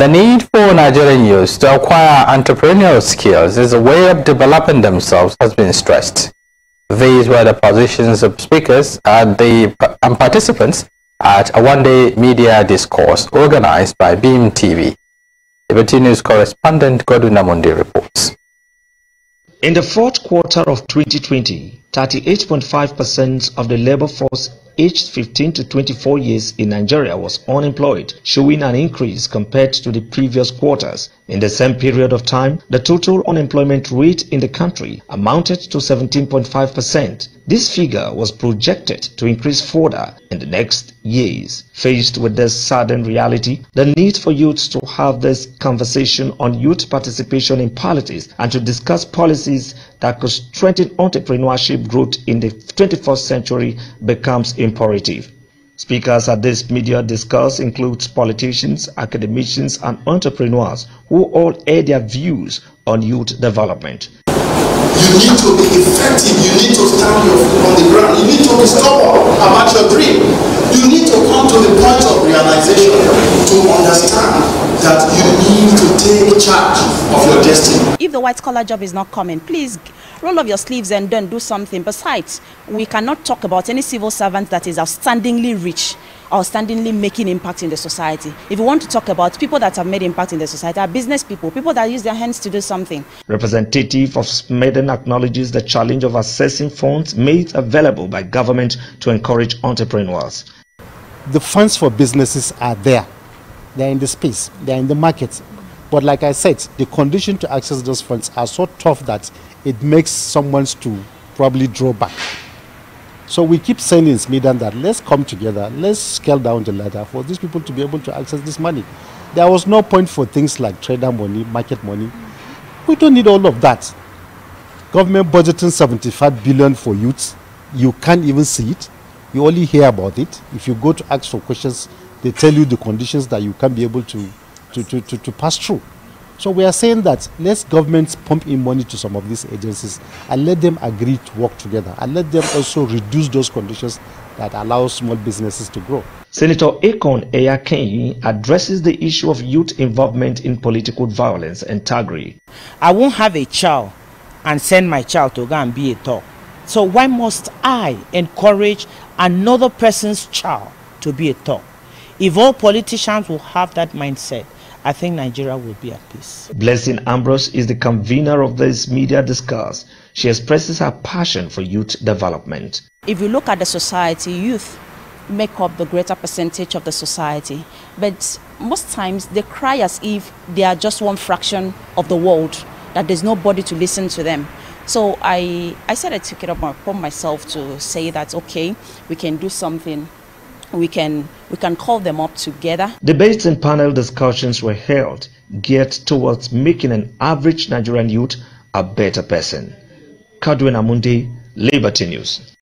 The need for Nigerian youth to acquire entrepreneurial skills as a way of developing themselves has been stressed. These were the positions of speakers and the and participants at a one-day media discourse organized by Beam TV. Liberty News correspondent Godwin Amundi reports. In the fourth quarter of 2020, 38.5% of the labor force aged 15 to 24 years in Nigeria was unemployed, showing an increase compared to the previous quarters. In the same period of time, the total unemployment rate in the country amounted to 17.5%. This figure was projected to increase further in the next years. Faced with this sudden reality, the need for youths to have this conversation on youth participation in politics and to discuss policies that could strengthen entrepreneurship growth in the 21st century becomes imperative. Speakers at this media discuss includes politicians, academicians and entrepreneurs who all air their views on youth development. You need to be effective, you need to stand on the ground, you need to be stubborn about your dream. You need to come to the point of realization to understand that you need to take charge of your destiny. If the white collar job is not coming, please roll up your sleeves and then do something. Besides, we cannot talk about any civil servant that is outstandingly rich, outstandingly making impact in the society. If you want to talk about people that have made impact in the society, are business people, people that use their hands to do something. Representative of Smeden acknowledges the challenge of accessing funds made available by government to encourage entrepreneurs. The funds for businesses are there. They're in the space, they're in the market, but like I said, the condition to access those funds are so tough that it makes someone to probably draw back. So we keep saying in Smedan that let's come together, let's scale down the ladder for these people to be able to access this money. There was no point for things like trader money, market money. We don't need all of that. Government budgeting 75 billion for youths, you can't even see it. You only hear about it. If you go to ask for questions, they tell you the conditions that you can't be able to to, to, to, to pass through. So we are saying that let governments pump in money to some of these agencies and let them agree to work together and let them also reduce those conditions that allow small businesses to grow. Senator Akon Eyakeyi addresses the issue of youth involvement in political violence and Tagri. I won't have a child and send my child to go and be a thug. So why must I encourage another person's child to be a thug? If all politicians will have that mindset, I think Nigeria will be at peace. Blessing Ambrose is the convener of this media discourse. She expresses her passion for youth development. If you look at the society, youth make up the greater percentage of the society. But most times they cry as if they are just one fraction of the world, that there's nobody to listen to them. So I, I said I took it upon myself to say that, okay, we can do something we can, we can call them up together. Debates and panel discussions were held geared towards making an average Nigerian youth a better person. Kadwin Amundi, Liberty News.